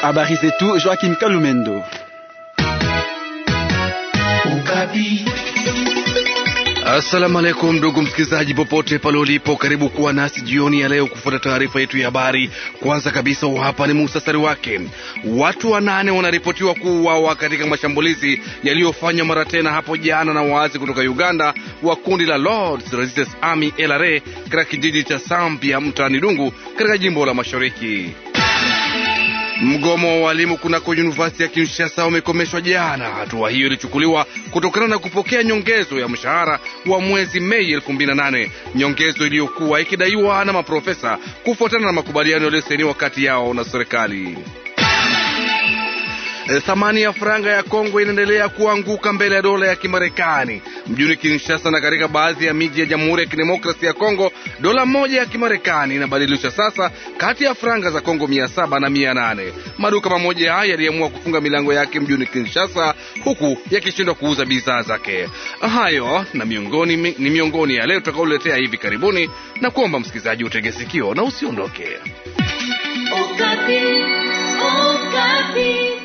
Habari zetu Joachim Kalumendo Ukapi. Assalamu alaikum ndugu msikilizaji, popote pale ulipo, karibu kuwa nasi jioni ya leo kufuata taarifa yetu ya habari. Kwanza kabisa, hapa ni muhtasari wake. Watu wanane wanaripotiwa kuuawa katika mashambulizi yaliyofanywa mara tena hapo jana na waasi kutoka Uganda wa kundi la Lords Resistance Army LRA katika kijiji cha Sambia mtaani Dungu katika jimbo la Mashariki. Mgomo wa walimu kunako yunivasiti ya Kinshasa umekomeshwa jana. Hatua hiyo ilichukuliwa kutokana na kupokea nyongezo ya mshahara wa mwezi Mei 2008, nyongezo iliyokuwa ikidaiwa na maprofesa kufuatana na makubaliano yaliyosainiwa kati yao na serikali. Eh, thamani ya franga ya Kongo inaendelea kuanguka mbele ya dola ya Kimarekani. Mjini Kinshasa na katika baadhi ya miji ya Jamhuri ya Kidemokrasia ya Kongo, dola moja ya Kimarekani inabadilisha sasa kati ya franga za Kongo mia saba na mia nane. Maduka mamoja haya yaliamua kufunga milango yake mjini Kinshasa, huku yakishindwa kuuza bidhaa zake. Hayo na miongoni, ni miongoni ya leo tutakaoletea hivi karibuni, na kuomba msikilizaji utege sikio na usiondoke. Okapi, Okapi.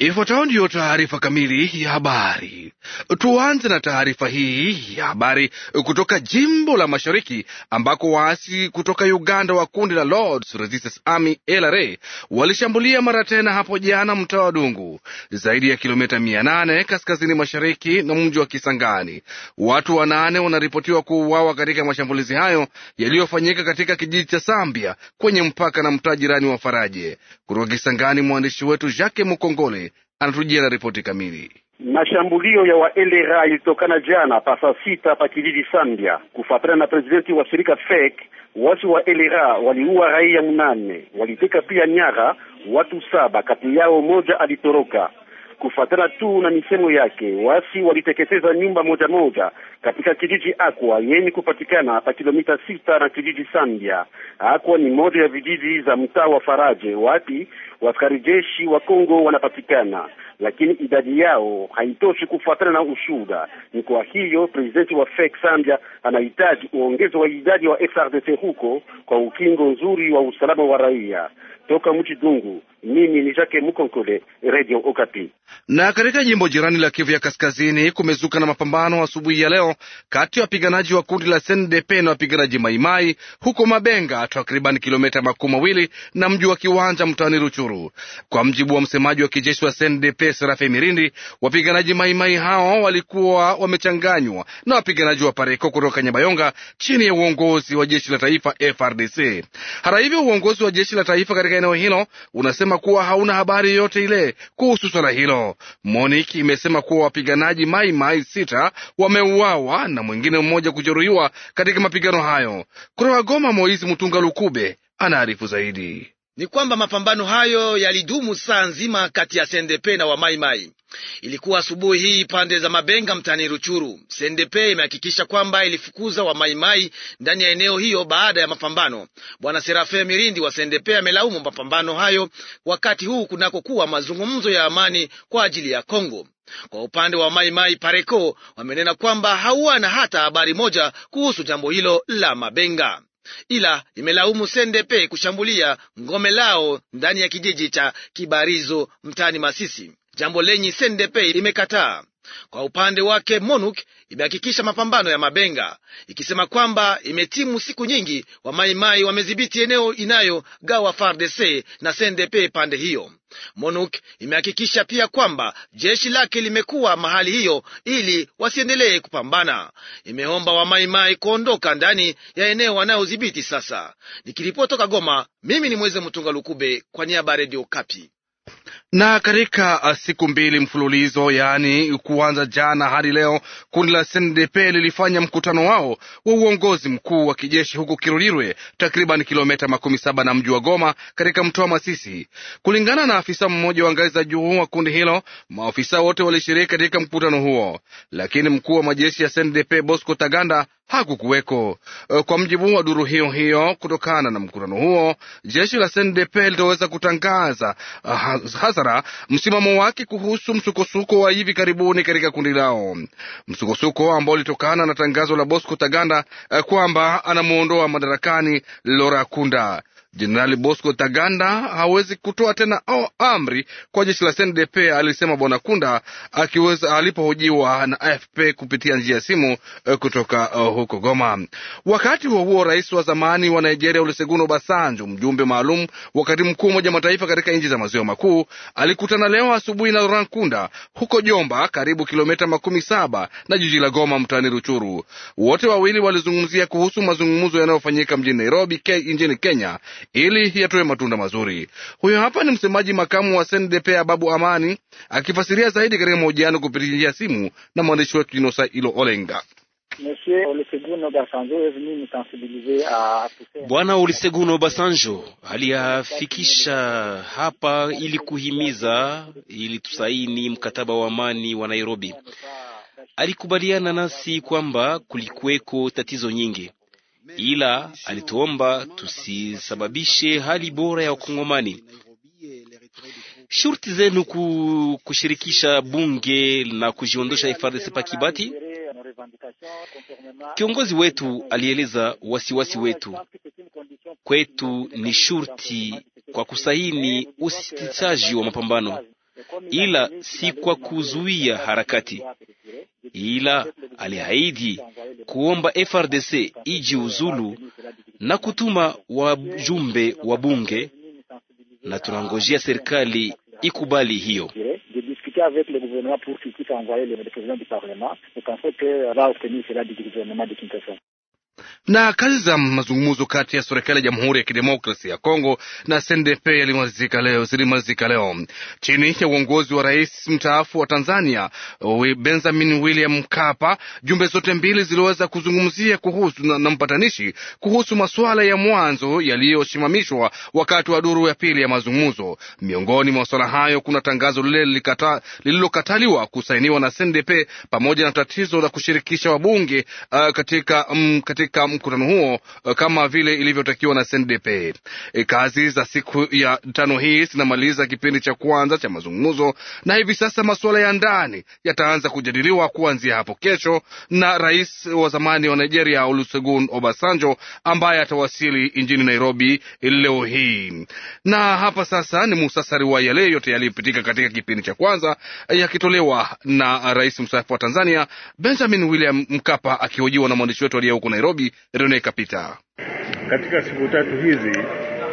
Ifuatayo ndiyo taarifa kamili ya habari. Tuanze na taarifa hii ya habari kutoka jimbo la mashariki ambako waasi kutoka Uganda wa kundi la Lords Resistance Army LRA walishambulia mara tena hapo jana mtaa wa Dungu, zaidi ya kilomita mia nane kaskazini mashariki na mji wa Kisangani. Watu wanane wanaripotiwa kuuawa katika mashambulizi hayo yaliyofanyika katika kijiji cha Sambia kwenye mpaka na mtaa jirani wa Faraje. Kutoka Kisangani, mwandishi wetu Jacques Mukongole anatujia na ripoti kamili. Mashambulio ya waelera ilitokana jana pa saa sita pa kijiji Sambia. Kufuatana na presidenti wa shirika FEC, watu wa elera waliua raia mnane, waliteka pia nyara watu saba, kati yao moja alitoroka. Kufuatana tu na misemo yake, wasi waliteketeza nyumba moja moja katika kijiji Akwa yenye kupatikana pa kilomita sita na kijiji Sambia. Akwa ni moja ya vijiji za mtaa wa Faraje wapi waskari jeshi wa Kongo wanapatikana, lakini idadi yao haitoshi kufuatana na ushuda. Ni kwa hiyo presidenti wa FEC Sambia anahitaji uongezo wa idadi wa FRDC huko kwa ukingo nzuri wa usalama wa raia. Toka mji Dungu, mimi ni Jacques Mukonkole, Radio Okapi. Na katika jimbo jirani la Kivu ya Kaskazini kumezuka na mapambano asubuhi ya leo kati ya wapiganaji wa kundi la SNDP na wapiganaji Maimai huko Mabenga, takriban kilomita makumi mawili na mji wa Kiwanja mtaani Ruchuru. Kwa mjibu wa msemaji wa kijeshi wa SNDP Serafe Mirindi, wapiganaji Maimai hao walikuwa wamechanganywa na wapiganaji wa Pareko kutoka Nyabayonga chini ya uongozi wa jeshi la taifa FRDC. Hata hivyo, uongozi wa jeshi la taifa katika eneo hilo unasema kuwa hauna habari yoyote ile kuhusu swala hilo. MONUC imesema kuwa wapiganaji Maimai sita wameuawa kuuawa na mwingine mmoja kujeruhiwa katika mapigano hayo. Kutoka Goma, Moisi Mutunga Lukube anaarifu zaidi. Ni kwamba mapambano hayo yalidumu saa nzima kati ya Sendepe na Wamaimai. Ilikuwa asubuhi hii pande za Mabenga mtani Ruchuru. Sendepe imehakikisha kwamba ilifukuza Wamaimai ndani ya eneo hiyo baada ya mapambano. Bwana Serafe Mirindi wa Sendepe amelaumu mapambano hayo wakati huu kunakokuwa mazungumzo ya amani kwa ajili ya Kongo. Kwa upande wa Mai Mai Pareko wamenena kwamba hauana hata habari moja kuhusu jambo hilo la Mabenga, ila imelaumu Sendepe kushambulia ngome lao ndani ya kijiji cha Kibarizo mtaani Masisi, jambo lenye Sendepe imekataa. Kwa upande wake monuk imehakikisha mapambano ya Mabenga ikisema kwamba imetimu siku nyingi, wa Maimai wamedhibiti eneo inayogawa FARDC na SNDP pande hiyo monuk imehakikisha pia kwamba jeshi lake limekuwa mahali hiyo ili wasiendelee kupambana. Imeomba wamaimai kuondoka ndani ya eneo wanayodhibiti sasa. Nikiripoti toka Goma, mimi ni Mweze Mtunga Lukube kwa niaba ya Redio Kapi. Na katika uh, siku mbili mfululizo, yaani kuanza jana hadi leo, kundi la CNDP lilifanya mkutano wao wa uongozi mkuu wa kijeshi huko Kirurirwe, takriban kilomita makumi saba na mji wa Goma katika mtoa Masisi. Kulingana na afisa mmoja wa ngazi za juu wa kundi hilo, maafisa wote walishiriki katika mkutano huo, lakini mkuu wa majeshi ya CNDP Bosco Taganda hakukuweko. E, kwa mjibu wa duru hiyo hiyo, kutokana na mkutano huo, jeshi la SNDP litaweza kutangaza e, hadhara msimamo wake kuhusu msukosuko wa hivi karibuni katika kundi lao, msukosuko ambao ulitokana na tangazo la Bosco Taganda e, kwamba anamwondoa madarakani Lora Kunda. Jenerali Bosco Taganda hawezi kutoa tena au amri kwa jeshi la CNDP, alisema Bwana Kunda akiweza alipohojiwa na AFP kupitia njia ya simu eh, kutoka eh, huko Goma. Wakati huo huo, rais wa zamani wa Nigeria Olusegun Obasanjo, mjumbe maalum wa katibu mkuu Umoja Mataifa katika nchi za maziwa makuu, alikutana leo asubuhi na Laurent Kunda huko Jomba, karibu kilomita makumi saba na jiji la Goma, mtaani Ruchuru. Wote wawili walizungumzia kuhusu mazungumzo yanayofanyika mjini Nairobi ke, nchini Kenya ili yatoe matunda mazuri. Huyo hapa ni msemaji makamu wa SNDP Ababu Amani akifasiria zaidi katika mahojiano kupitia njia ya simu na mwandishi wetu Inosa Ilo Olenga. Bwana Oliseguno Basanjo aliyafikisha hapa ili kuhimiza ili tusaini mkataba wa amani wa Nairobi. Alikubaliana nasi kwamba kulikuweko tatizo nyingi ila alituomba tusisababishe hali bora ya Wakongomani. Shurti zenu kushirikisha bunge na kujiondosha FARDC pakibati. Kiongozi wetu alieleza wasiwasi wetu. Kwetu ni shurti kwa kusaini usitisaji wa mapambano ila si kwa kuzuia harakati, ila aliahidi kuomba FRDC iji uzulu na kutuma wajumbe wa bunge, na tunangojea serikali ikubali hiyo. Na kazi za mazungumzo kati ya serikali ya Jamhuri ya Kidemokrasi ya Kongo na CNDP zilimalizika leo, leo chini ya uongozi wa rais mstaafu wa Tanzania Benjamin William Mkapa. Jumbe zote mbili ziliweza kuzungumzia kuhusu na, na mpatanishi kuhusu masuala ya mwanzo yaliyosimamishwa wakati wa duru ya pili ya mazungumzo. Miongoni mwa masuala hayo kuna tangazo lile lililokataliwa kusainiwa na CNDP pamoja na tatizo la kushirikisha wabunge uh, katika, um, katika katika mkutano huo eh, kama vile ilivyotakiwa na CNDP. Eh, kazi za siku ya tano hii zinamaliza kipindi cha kwanza cha mazungumzo, na hivi sasa masuala ya ndani yataanza kujadiliwa kuanzia hapo kesho na rais wa zamani wa Nigeria Olusegun Obasanjo ambaye atawasili nchini Nairobi leo hii. Na hapa sasa ni muhtasari wa yale yote yaliyopitika katika kipindi cha kwanza eh, yakitolewa na rais mstaafu wa Tanzania Benjamin William Mkapa akihojiwa na mwandishi wetu aliye huko Nairobi. Nairobi, Rene Kapita. Katika siku tatu hizi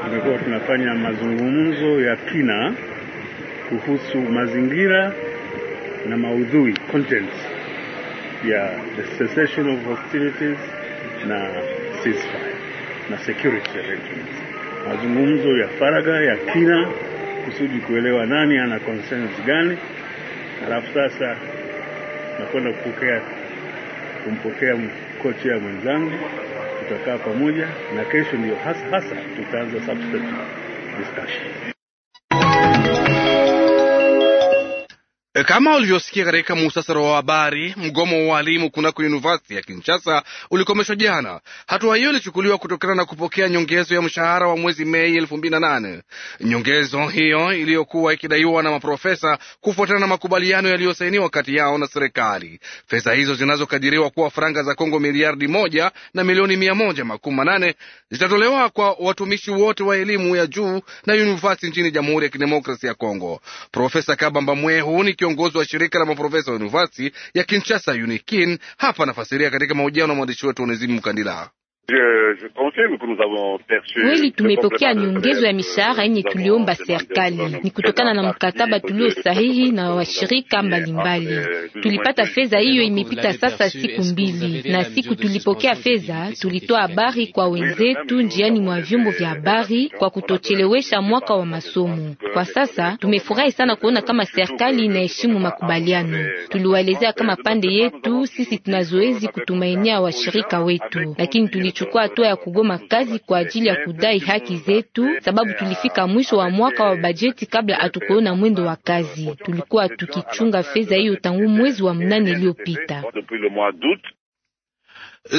tumekuwa tunafanya mazungumzo ya kina kuhusu mazingira na maudhui contents ya the cessation of hostilities na ceasefire na security arrangements. Mazungumzo ya faragha ya kina kusudi kuelewa nani ana concerns gani, halafu sasa nakwenda kupokea kumpokea kocha mwenzangu, tutakaa pamoja na kesho ndio hasa hasa tutaanza substitute discussion. Eh, kama ulivyosikia katika muhtasari wa habari, mgomo wa walimu kunako univesiti ya Kinshasa ulikomeshwa jana. Hatua hiyo ilichukuliwa kutokana na kupokea nyongezo ya mshahara wa mwezi Mei elfu mbili na nane. Nyongezo hiyo iliyokuwa ikidaiwa na maprofesa kufuatana na makubaliano yaliyosainiwa kati yao na serikali. Fedha hizo zinazokadiriwa kuwa faranga za Kongo miliardi moja na milioni mia moja makumi manane zitatolewa kwa watumishi wote wa elimu ya juu na univesiti nchini Jamhuri ya Kidemokrasi ya Kongo. Profesa Kabamba Mwehu ni kiongozi wa shirika la maprofesa wa yunivasiti ya Kinshasa, UNIKIN. Hapa anafasiria katika mahojiano na mwandishi wetu Onesimo Mkandila kweli tumepokea nyongezo ya mishahara yenye tuliomba serikali, ni kutokana na mkataba tulio sahihi na washirika mbalimbali. Tulipata fedha hiyo, imepita sasa siku mbili, na siku tulipokea fedha tulitoa habari kwa wenzetu njiani mwa vyombo vya habari kwa kutochelewesha mwaka wa masomo. Kwa sasa tumefurahi sana kuona kama serikali inaheshimu makubaliano. Tuliwaelezea kama pande yetu sisi tunazoezi kutumainia washirika wetu, lakini tuli tulichukua hatua ya kugoma kazi kwa ajili ya kudai haki zetu, sababu tulifika mwisho wa mwaka wa bajeti kabla hatukuona mwendo wa kazi. Tulikuwa tukichunga fedha hiyo tangu mwezi wa mnane iliyopita.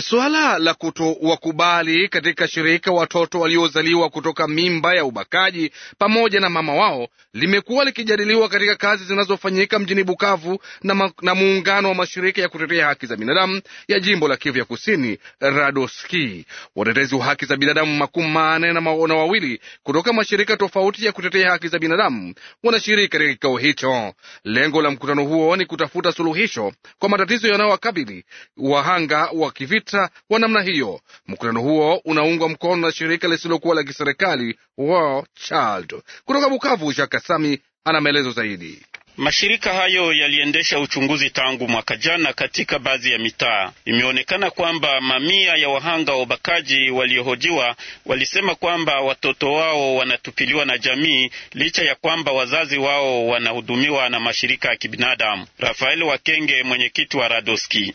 Suala la kutowakubali katika shirika watoto waliozaliwa kutoka mimba ya ubakaji pamoja na mama wao limekuwa likijadiliwa katika kazi zinazofanyika mjini Bukavu na, na muungano wa mashirika ya kutetea haki za binadamu ya jimbo la Kivu ya Kusini, Radoski. Watetezi wa haki za binadamu makumi manne na wawili kutoka mashirika tofauti ya kutetea haki za binadamu wanashiriki katika kikao hicho. Lengo la mkutano huo ni kutafuta suluhisho kwa matatizo yanayowakabili wahanga wa kivita vita wa namna hiyo. Mkutano huo unaungwa mkono na shirika lisilokuwa la kiserikali War Child kutoka Bukavu. Jacques Kasami ana maelezo zaidi. Mashirika hayo yaliendesha uchunguzi tangu mwaka jana katika baadhi ya mitaa. Imeonekana kwamba mamia ya wahanga wa ubakaji waliohojiwa walisema kwamba watoto wao wanatupiliwa na jamii licha ya kwamba wazazi wao wanahudumiwa na mashirika ya kibinadamu. Rafael Wakenge, mwenyekiti wa Radoski: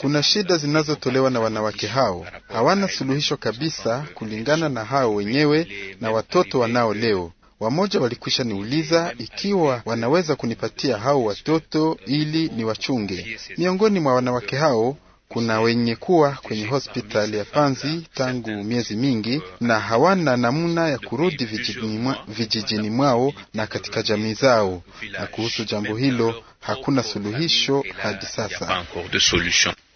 kuna shida zinazotolewa na wanawake hao, hawana suluhisho kabisa kulingana na hao wenyewe na watoto wanao leo Wamoja walikwisha niuliza ikiwa wanaweza kunipatia hao watoto ili ni wachunge Miongoni mwa wanawake hao kuna wenye kuwa kwenye hospitali ya Panzi tangu miezi mingi na hawana namna ya kurudi vijijini, mwa, vijijini mwao na katika jamii zao, na kuhusu jambo hilo hakuna suluhisho hadi sasa.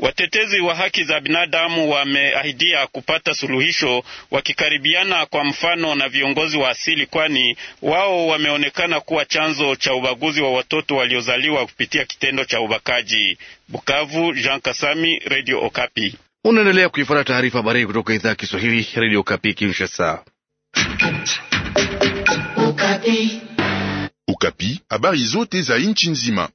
Watetezi wa haki za binadamu wameahidia kupata suluhisho, wakikaribiana kwa mfano na viongozi wa asili, kwani wao wameonekana kuwa chanzo cha ubaguzi wa watoto waliozaliwa kupitia kitendo cha ubakaji. Bukavu, Jean Kasami, Radio Okapi. Unaendelea kuifuata taarifa habari kutoka idhaa ya Kiswahili Radio Okapi Kinshasa. Okapi, habari zote za nchi nzima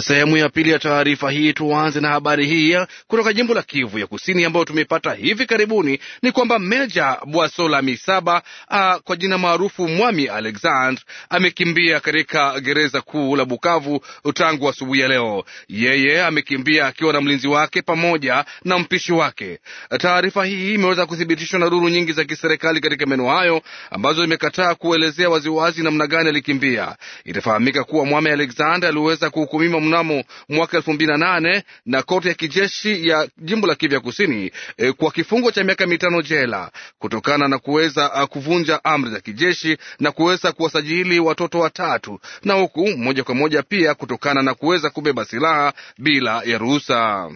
Sehemu ya pili ya taarifa hii, tuanze na habari hii kutoka jimbo la Kivu ya Kusini ambayo tumepata hivi karibuni, ni kwamba Meja Bwasola Misaba a, kwa jina maarufu Mwami Alexandre amekimbia katika gereza kuu la Bukavu tangu asubuhi ya leo. Yeye amekimbia akiwa na mlinzi wake pamoja na mpishi wake. Taarifa hii imeweza kuthibitishwa na duru nyingi za kiserikali katika maeneo hayo ambazo imekataa kuelezea waziwazi namna gani alikimbia. Itafahamika kuwa Mwami Alexandre aliweza kuhukumiwa mlivyotumiwa mnamo mwaka elfu mbili na nane na koti ya kijeshi ya jimbo la Kivya Kusini e, kwa kifungo cha miaka mitano jela kutokana na kuweza ah, kuvunja amri za kijeshi na kuweza kuwasajili watoto watatu na huku moja kwa moja pia kutokana na kuweza kubeba silaha bila ya ruhusa.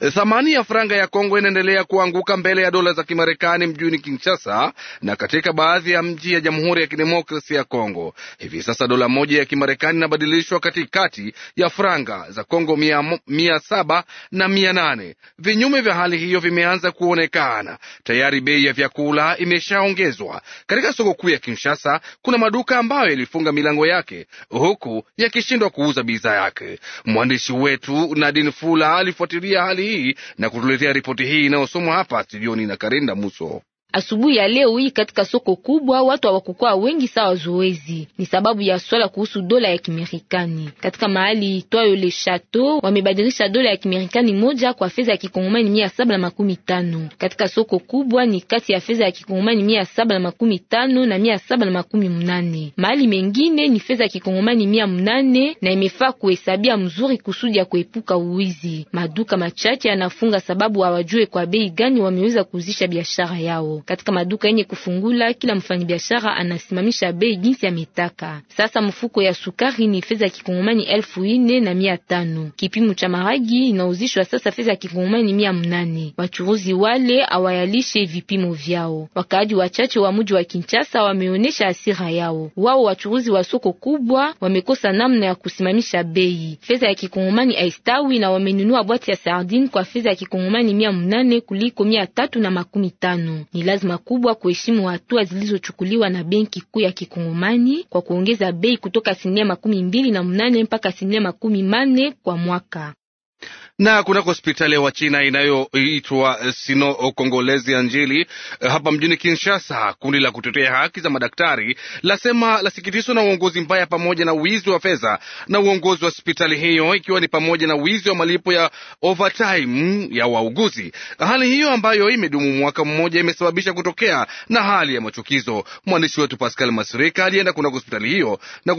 Eh, thamani ya franga ya Kongo inaendelea kuanguka mbele ya dola za Kimarekani mjini Kinshasa na katika baadhi ya mji ya Jamhuri ya Kidemokrasia ya Kongo. Hivi sasa dola moja ya Kimarekani inabadilishwa katikati ya franga za Kongo mia, mia saba na mia nane. Vinyume vya hali hiyo vimeanza kuonekana tayari. Bei ya vyakula imeshaongezwa katika soko kuu ya Kinshasa. Kuna maduka ambayo yalifunga milango yake huku yakishindwa kuuza bidhaa yake. Mwandishi wetu Nadine Fula alifuatilia hali hii na kutuletea ripoti hii inayosomwa hapa studioni na Karenda Muso. Asubuhi ya leo hii katika soko kubwa watu hawakukua wengi sawa zoezi, ni sababu ya swala kuhusu dola ya Kimerikani. Katika mahali itwayo Le Chateau wamebadilisha dola ya Kimerikani moja kwa fedha ya Kikongomani mia saba na makumi tano. Katika soko kubwa ni kati ya fedha ya Kikongomani mia saba na makumi tano na mia saba na makumi mnane. Mahali mengine ni fedha ya Kikongomani mia mnane na imefaa kuhesabia mzuri kusudi ya kuepuka uwizi. Maduka machache yanafunga sababu hawajue kwa bei gani wameweza kuuzisha biashara yao. Katika maduka yenye kufungula, kila mfanyabiashara anasimamisha bei jinsi ametaka. Sasa mfuko ya sukari ni fedha ya kikongomani elfu ine na mia tano. Kipimo cha maragi inauzishwa sasa fedha ya kikongomani mia mnane. Wachuruzi wale awayalishe vipimo vyao. Wakaaji wachache wa muji wa Kinshasa wameonesha asira yao. Wao wachuruzi wa soko kubwa wamekosa namna ya kusimamisha bei. Fedha ya kikongomani aistawi na wamenunua bwati ya sardine kwa fedha ya kikongomani mia mnane kuliko mia tatu na makumi tano lazima kubwa kuheshimu hatua zilizochukuliwa na Benki Kuu ya Kikongomani kwa kuongeza bei kutoka asilimia makumi mbili na mnane mpaka asilimia makumi kwa mwaka na kunako hospitali ya Wachina inayoitwa eh, Sino Kongolezi Anjili eh, hapa mjini Kinshasa, kundi la kutetea haki za madaktari lasema lasikitishwa na uongozi mbaya pamoja na wizi wa fedha na uongozi wa hospitali hiyo, ikiwa ni pamoja na wizi wa malipo ya overtime ya wauguzi. Hali hiyo ambayo imedumu mwaka mmoja imesababisha kutokea na hali ya machukizo. Mwandishi wetu Pascal Masirika alienda kunako hospitali hiyo na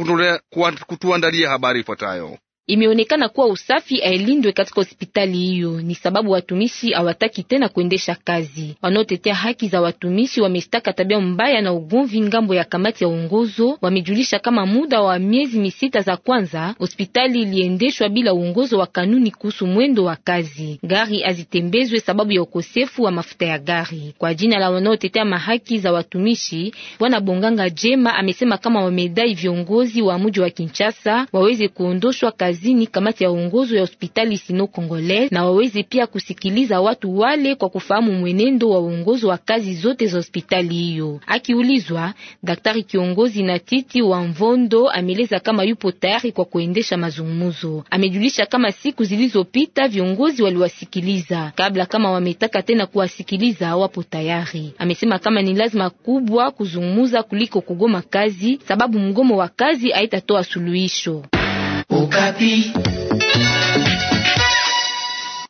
kutuandalia habari ifuatayo. Imeonekana kuwa usafi ailindwe katika hospitali hiyo, ni sababu watumishi hawataki tena kuendesha kazi. Wanaotetea haki za watumishi wameshtaka tabia mbaya na ugomvi ngambo ya kamati ya uongozo. Wamejulisha kama muda wa miezi misita za kwanza hospitali iliendeshwa bila uongozo wa kanuni kuhusu mwendo wa kazi, gari azitembezwe sababu ya ukosefu wa mafuta ya gari. Kwa jina la wanaotetea mahaki za watumishi, Bwana Bonganga Jema amesema kama wamedai viongozi wa mji wa Kinshasa waweze kuondoshwa kazi kazini kamati ya uongozo ya hospitali Sino Congolais, na waweze pia kusikiliza watu wale kwa kufahamu mwenendo wa uongozo wa kazi zote za hospitali hiyo. Akiulizwa, daktari kiongozi na titi wa Mvondo ameleza kama yupo tayari kwa kuendesha mazungumzo. Amejulisha kama siku zilizopita viongozi waliwasikiliza kabla, kama wametaka tena kuwasikiliza wapo tayari. Amesema kama ni lazima kubwa kuzungumza kuliko kugoma kazi, sababu mgomo wa kazi haitatoa suluhisho. O Capi.